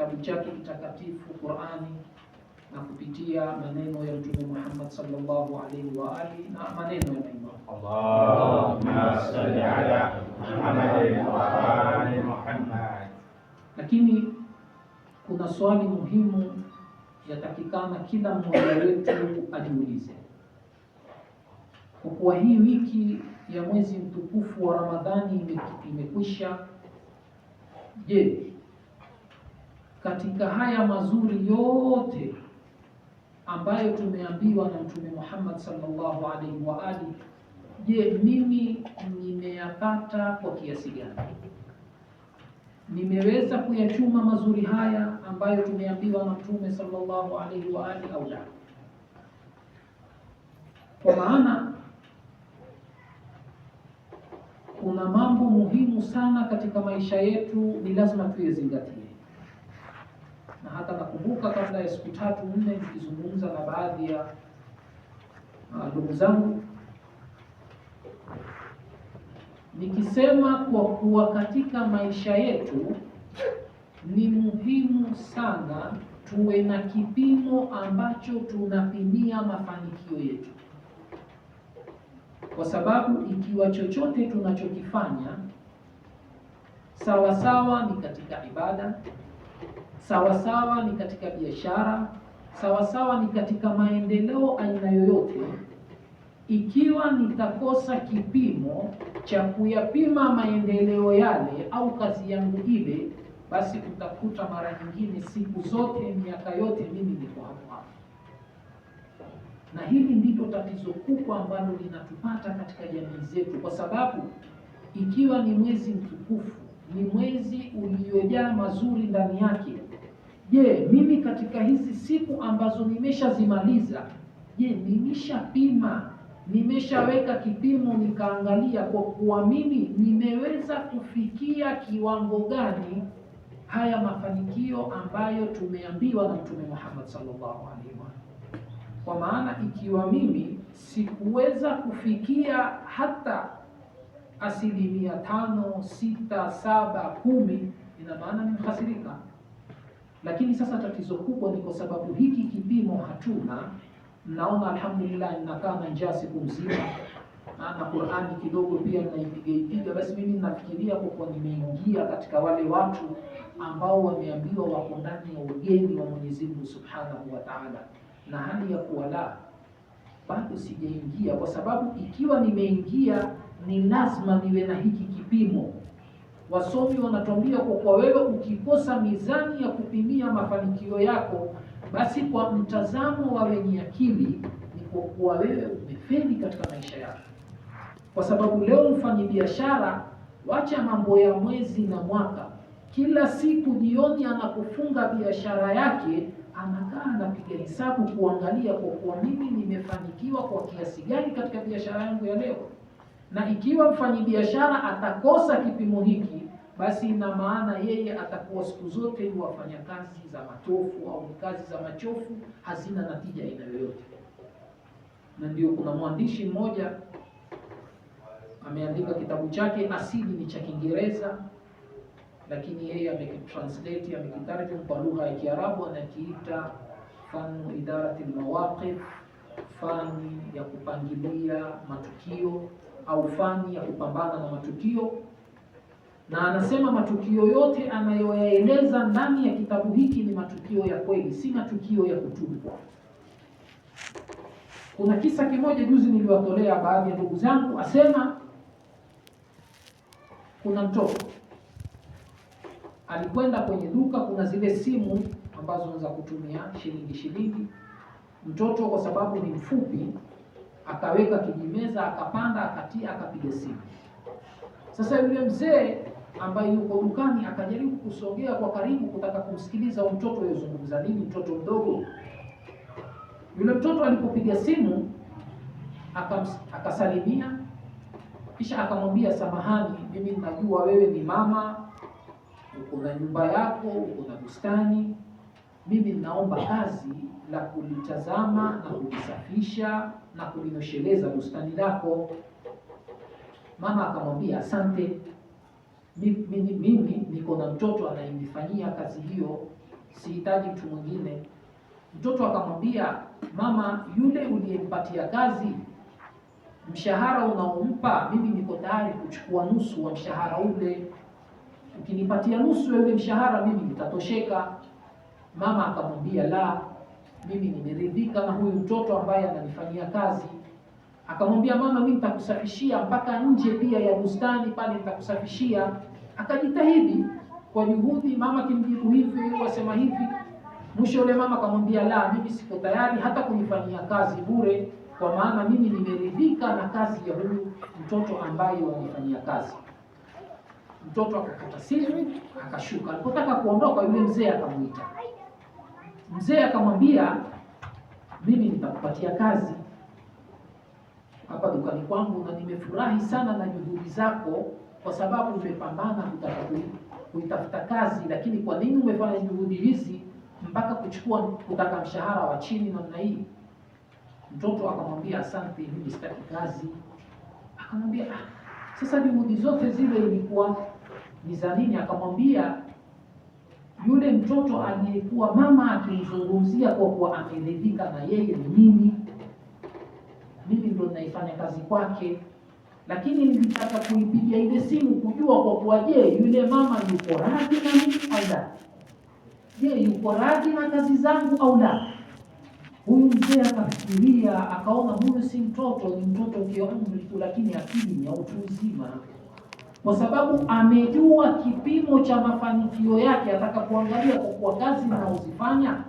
kitabu chake kitakatifu Qurani na kupitia maneno ya Mtume Muhammad sallallahu alaihi wa alihi na maneno ya maimam Allahumma salli ala Muhammad wa ali Muhammad. Lakini kuna swali muhimu yatakikana kila mmoja wetu ajiulize, kwa kuwa hii wiki ya mwezi mtukufu wa Ramadhani imekwisha. Je, katika haya mazuri yote ambayo tumeambiwa na Mtume Muhammad sallallahu alaihi wa ali, je, mimi nimeyapata kwa kiasi gani? Nimeweza kuyachuma mazuri haya ambayo tumeambiwa na Mtume sallallahu alaihi wa ali au la? Kwa maana kuna mambo muhimu sana katika maisha yetu, ni lazima tuyazingatie na hata nakumbuka kabla ya siku tatu nne nikizungumza na baadhi ya ah, ndugu zangu nikisema kwa kuwa katika maisha yetu ni muhimu sana tuwe na kipimo ambacho tunapimia mafanikio yetu, kwa sababu ikiwa chochote tunachokifanya sawasawa ni katika ibada sawasawa ni katika biashara, sawasawa ni katika maendeleo aina yoyote. Ikiwa nitakosa kipimo cha kuyapima maendeleo yale au kazi yangu ile, basi utakuta mara nyingine, siku zote, miaka yote, mimi niko hapo hapo. Na hili ndilo tatizo kubwa ambalo linatupata katika jamii zetu, kwa sababu ikiwa ni mwezi mtukufu ni mwezi uliojaa mazuri ndani yake. Je, mimi katika hizi siku ambazo nimeshazimaliza, je, nimeshapima? Nimeshaweka kipimo nikaangalia kwa kuwa mimi nimeweza kufikia kiwango gani haya mafanikio ambayo tumeambiwa na Mtume Muhammad sallallahu alaihi wasallam. Kwa maana ikiwa mimi sikuweza kufikia hata asilimia tano, sita, saba, kumi, ina maana ni mhasirika. Lakini sasa tatizo kubwa ni kwa sababu hiki kipimo hatuna. Naona alhamdulillah, ninakaa na njaa siku nzima na Qur'ani kidogo pia naipiga ipiga, basi mimi nafikiria kwa nimeingia katika wale watu ambao wameambiwa wako ndani ya ugeni wa Mwenyezi Mungu Subhanahu wa Ta'ala, na hali ya kuwa la bado sijaingia, kwa sababu ikiwa nimeingia ni lazima niwe na hiki kipimo. Wasomi wanatuambia kwa kuwa wewe ukikosa mizani ya kupimia mafanikio yako, basi kwa mtazamo wa wenye akili ni kwa kuwa wewe umefeli katika maisha yako, kwa sababu leo biashara wacha mambo ya mwezi na mwaka, kila siku jioni anapofunga biashara yake anakaa anapiga hesabu kuangalia kwa kuwa mimi nimefanikiwa kwa kiasi gani katika biashara yangu ya leo na ikiwa mfanyibiashara atakosa kipimo hiki, basi ina maana yeye atakuwa siku zote wafanya kazi za matofu au kazi za machofu hazina natija aina yoyote. Na ndio kuna mwandishi mmoja ameandika kitabu chake, asili ni cha Kiingereza, lakini yeye amekitranslate amekitarjum kwa lugha ya Kiarabu, anakiita fanu idarati lmawaqif, fani ya kupangilia matukio au fani ya kupambana na matukio, na anasema matukio yote anayoyaeleza ndani ya kitabu hiki ni matukio ya kweli, si matukio ya kutungwa. Kuna kisa kimoja juzi niliwatolea baadhi ya ndugu zangu, asema kuna mtoto alikwenda kwenye duka, kuna zile simu ambazo za kutumia shilingi shilingi. Mtoto kwa sababu ni mfupi akaweka kijimeza, akapanda, akatia, akapiga simu. Sasa yule mzee ambaye yuko dukani akajaribu kusogea kwa karibu, kutaka kumsikiliza mtoto yozungumza nini, mtoto mdogo yule. Mtoto alipopiga simu akasalimia, kisha akamwambia, samahani, mimi najua wewe ni mama, uko na nyumba yako, uko na bustani mimi ninaomba kazi la kulitazama na kulisafisha na kulinosheleza bustani lako. Mama akamwambia asante, mimi, mimi, niko na mtoto anayenifanyia kazi hiyo, sihitaji mtu mwingine. Mtoto akamwambia mama, yule uliyempatia kazi mshahara unaompa mimi niko tayari kuchukua nusu wa mshahara ule. Ukinipatia nusu ya ule mshahara mimi nitatosheka. Mama akamwambia la, mimi nimeridhika na huyu mtoto ambaye ananifanyia kazi. Akamwambia mama, mimi nitakusafishia mpaka nje pia ya bustani pale nitakusafishia. Akajitahidi kwa juhudi, mama kimjibu hivi, wasema hivi. Mwisho yule mama akamwambia la, mimi siko tayari hata kunifanyia kazi bure, kwa maana mimi nimeridhika na kazi ya huyu mtoto ambaye wanifanyia kazi. Mtoto akakata simu akashuka, alipotaka kuondoka, yule mzee akamwita. Mzee akamwambia, mimi nitakupatia kazi hapa dukani kwangu, na nimefurahi sana na juhudi zako, kwa sababu umepambana kutaka kuitafuta kazi. Lakini kwa nini umefanya juhudi hizi mpaka kuchukua kutaka mshahara wa chini namna hii? Mtoto akamwambia, asante, mimi sitaki kazi. Akamwambia ah, sasa juhudi zote zile ilikuwa ni za nini? Akamwambia yule mtoto aliyekuwa mama akimzungumzia kwa kuwa ameridhika na yeye ni mimi, mimi ndo ninaifanya kazi kwake, lakini nilitaka kuipiga ile simu kujua kwa kuwa, je, yule mama yuko radhi na mimi au la? Je, yuko radhi na kazi zangu au la? Huyu mzee akafikiria, akaona huyu si mtoto, ni mtoto umri tu, lakini akili ya utu uzima, kwa sababu amejua kipimo cha mafanikio yake. Atakapoangalia kwa kuwa kazi anaozifanya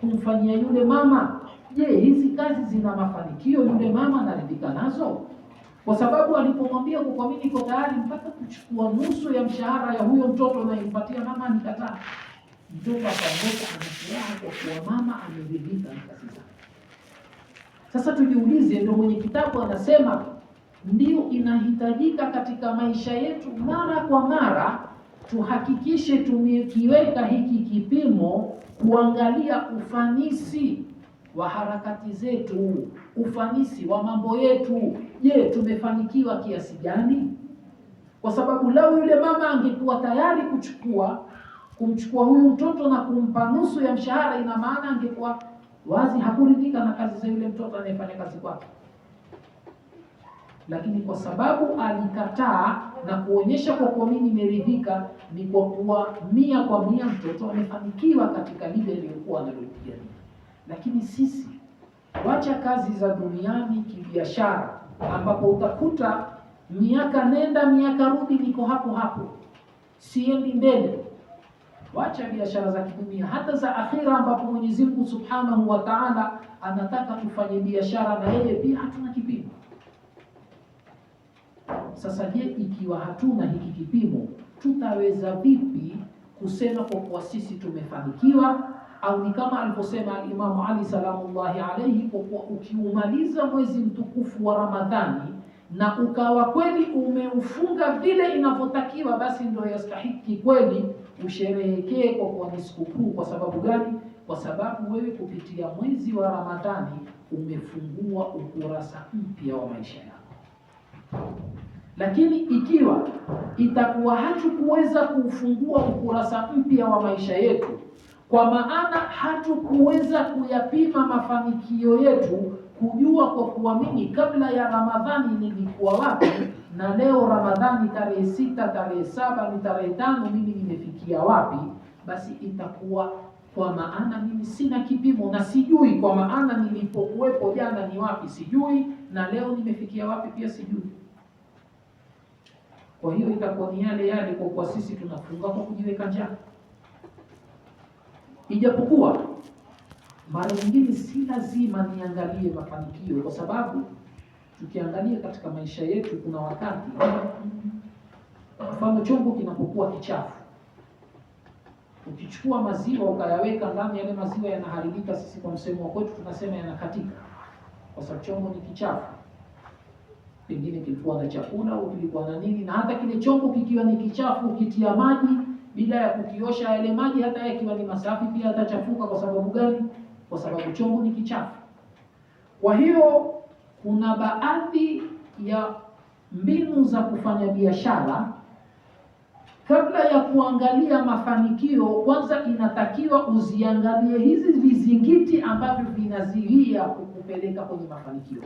kumfanyia yule mama, je, hizi kazi zina mafanikio? Yule mama anaridhika nazo? Kwa sababu alipomwambia kwa mimi niko tayari mpaka kuchukua nusu ya mshahara ya huyo mtoto, naimpatia mama, nikataa Mjomba Kwamboka anafuraha kwa kuwa mama ameridhika na kazi zake. Sasa tujiulize, ndio mwenye kitabu anasema ndio inahitajika katika maisha yetu, mara kwa mara tuhakikishe tumekiweka hiki kipimo, kuangalia ufanisi wa harakati zetu, ufanisi wa mambo yetu. Je, tumefanikiwa kiasi gani? Kwa sababu lau yule mama angekuwa tayari kuchukua kumchukua huyu mtoto na kumpa nusu ya mshahara, ina maana angekuwa wazi hakuridhika na kazi za yule mtoto anayefanya kazi kwake, lakini kwa sababu alikataa na kuonyesha kwa kuwa mimi nimeridhika, ni kwa kuwa mia kwa mia mtoto amefanikiwa katika lile aliyokuwa analopigania. Lakini sisi wacha kazi za duniani kibiashara, ambapo utakuta miaka nenda miaka rudi, niko hapo hapo, siendi mbele Wacha biashara za kidunia, hata za akhira, ambapo Mwenyezi Mungu Subhanahu wa Ta'ala anataka tufanye biashara na yeye pia hatuna kipimo. Sasa je, ikiwa hatuna hiki kipimo, tutaweza vipi kusema kwa kuwa sisi tumefanikiwa? Au ni kama alivyosema Alimamu Ali salamullahi alayhi, kwa kuwa ukiumaliza mwezi mtukufu wa Ramadhani na ukawa kweli umeufunga vile inavyotakiwa, basi ndio yastahiki kweli usherehekee kwa kuwa ni sikukuu. Kwa sababu gani? Kwa sababu wewe kupitia mwezi wa Ramadhani umefungua ukurasa mpya wa maisha yako. Lakini ikiwa itakuwa hatukuweza kuufungua ukurasa mpya wa maisha yetu, kwa maana hatukuweza kuyapima mafanikio yetu kujua kwa kuamini kabla ya Ramadhani nilikuwa wapi, na leo Ramadhani tarehe sita, tarehe saba, ni tarehe tano, mimi nimefikia wapi? Basi itakuwa kwa maana mimi sina kipimo na sijui, kwa maana nilipokuwepo jana ni wapi sijui, na leo nimefikia wapi pia sijui. Kwa hiyo itakuwa ni yale yale, kwa kuwa sisi tunafunga kwa kujiweka njaa, ijapokuwa mara nyingine si lazima niangalie mafanikio, kwa sababu tukiangalia katika maisha yetu kuna wakati, mfano chombo kinapokuwa kichafu, ukichukua maziwa ukayaweka ndani, yale maziwa yanaharibika. Sisi kwa msemo wa kwetu tunasema yanakatika, kwa sababu chombo ni kichafu, pengine kilikuwa na chakula au kilikuwa na nini. Na hata kile chombo kikiwa ni kichafu, ukitia maji bila ya kukiosha, yale maji hata yakiwa ni masafi pia atachafuka Kwa sababu gani? kwa sababu chombo ni kichafu. Kwa hiyo kuna baadhi ya mbinu za kufanya biashara, kabla ya kuangalia mafanikio, kwanza inatakiwa uziangalie hizi vizingiti ambavyo vinaziwia kukupeleka kwenye mafanikio,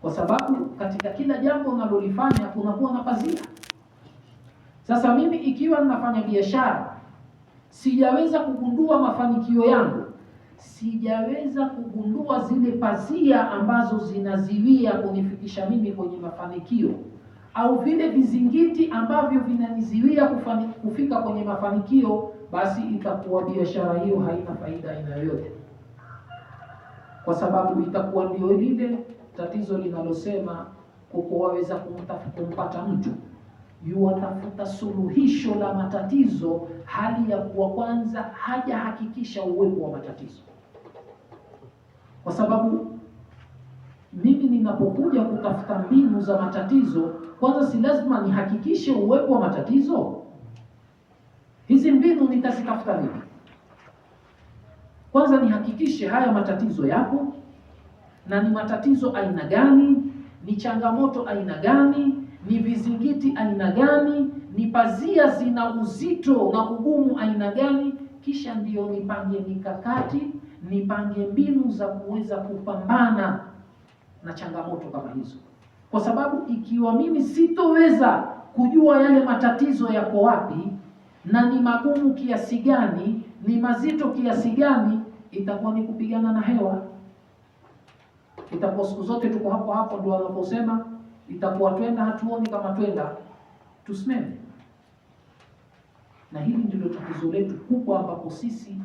kwa sababu katika kila jambo unalolifanya kunakuwa na pazia. Sasa mimi ikiwa ninafanya biashara sijaweza kugundua mafanikio yangu, sijaweza kugundua zile pazia ambazo zinaziwia kunifikisha mimi kwenye mafanikio au vile vizingiti ambavyo vinaniziwia kufika kwenye mafanikio, basi itakuwa biashara hiyo haina faida aina yoyote, kwa sababu itakuwa ndio lile tatizo linalosema kuko waweza kumpata mtu yuwatafuta suluhisho la matatizo, hali ya kuwa kwanza hajahakikisha uwepo wa matatizo, kwa sababu mimi ninapokuja kutafuta mbinu za matatizo, kwanza si lazima nihakikishe uwepo wa matatizo. Hizi mbinu nitazitafuta nini Kwanza nihakikishe haya matatizo yapo, na ni matatizo aina gani? Ni changamoto aina gani? ni vizingiti aina gani, ni pazia zina uzito na ugumu aina gani, kisha ndiyo nipange mikakati, nipange mbinu za kuweza kupambana na changamoto kama hizo, kwa sababu ikiwa mimi sitoweza kujua yale matatizo yako wapi na ni magumu kiasi gani, ni mazito kiasi gani, itakuwa ni kupigana na hewa, itakuwa siku zote tuko hapo hapo, ndio wanaposema itakuwa twenda hatuoni kama twenda, tusimeme. Na hili ndilo tatizo letu kubwa, ambapo sisi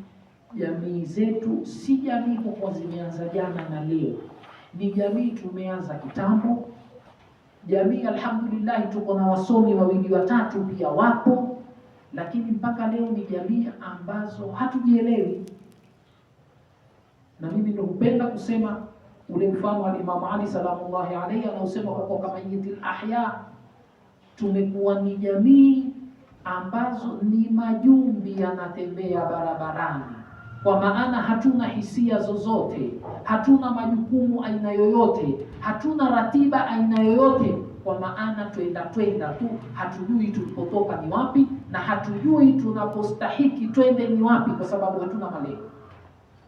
jamii zetu si jamii kwa zimeanza jana na leo, ni jamii tumeanza kitambo. Jamii alhamdulillah, tuko na wasomi wawili watatu pia wapo, lakini mpaka leo ni jamii ambazo hatujielewi, na mimi ndio hupenda kusema Ule mfano wa Imam Ali salamullahi alayhi anaosema huko kama yitil ahya, tumekuwa ni jamii ambazo ni majumbi yanatembea barabarani, kwa maana hatuna hisia zozote, hatuna majukumu aina yoyote, hatuna ratiba aina yoyote, kwa maana twenda twenda tu, hatujui tulipotoka ni wapi na hatujui tunapostahiki twende ni wapi, kwa sababu hatuna malengo.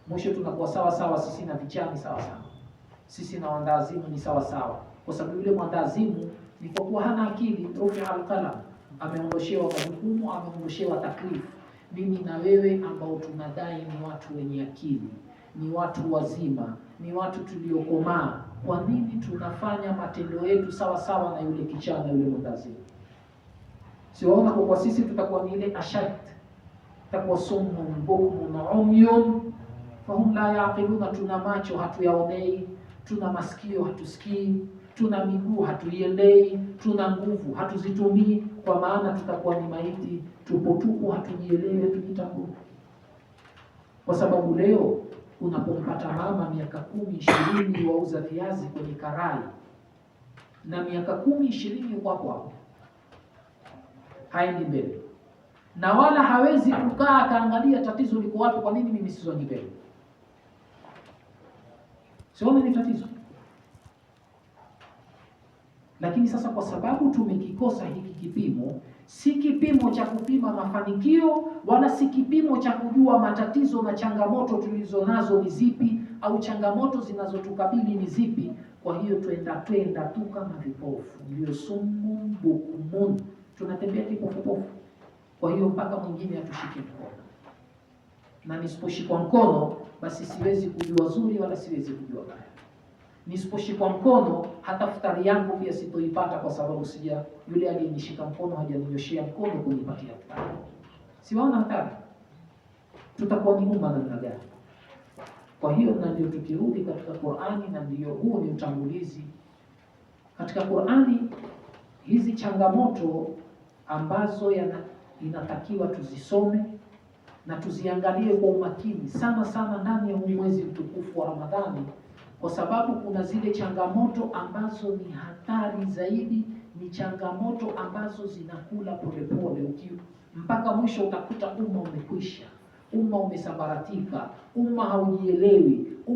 Mwisho tunakuwa sawa sawa sisi na vichani sawa sawa sisi na wandazimu ni sawasawa, kwa sababu yule mwandazimu ni kwa kuwa hana akili, rufia alqalam, ameondoshewa majukumu, ameondoshewa taklifu. Mimi na wewe ambao tunadai ni watu wenye akili, ni watu wazima, ni watu tuliokomaa, kwa nini tunafanya matendo yetu sawa sawa na yule kichana, yule mwandazimu? Siwaona kwa kuwa sisi tutakuwa ni ile ashad, tutakuwa summun bukmun umyun fahum la yaqiluna, tuna macho hatuyaonei tuna masikio hatusikii, tuna miguu hatuielei, tuna nguvu hatuzitumii, kwa maana tutakuwa ni maiti, tupo tupo, hatujielewi, hatujitambui. Kwa sababu leo unapompata mama miaka kumi ishirini wauza viazi kwenye karai na miaka kumi ishirini kwako hapo, haendi mbele na wala hawezi kukaa akaangalia tatizo liko wapi, kwa nini mimi sizoni mbele Sioni ni tatizo, lakini sasa kwa sababu tumekikosa hiki kipimo, si kipimo cha kupima mafanikio wala si kipimo cha kujua matatizo na changamoto tulizo nazo ni zipi au changamoto zinazotukabili ni zipi. Kwa hiyo twenda twenda tu kama vipofu, ndio sumu bukumun, tunatembea kipofupofu. Kwa hiyo mpaka mwingine atushike mkono na nisiposhikwa mkono basi siwezi kujua zuri wala siwezi kujua baya. Nisiposhikwa mkono hata futari yangu pia sitoipata, kwa sababu sija yule aliyenishika mkono hajaninyoshea mkono kunipatia futari. Siwaona hatari, tutakuwa ni umma namna gani? Kwa hiyo na ndio tukirudi katika Qur'ani, na ndio huu ni utangulizi katika Qur'ani, hizi changamoto ambazo yana, inatakiwa tuzisome na tuziangalie kwa umakini sana sana ndani ya mwezi mtukufu wa Ramadhani, kwa sababu kuna zile changamoto ambazo ni hatari zaidi, ni changamoto ambazo zinakula polepole uki mpaka mwisho utakuta umma umekwisha, umma umesambaratika, umma haujielewi.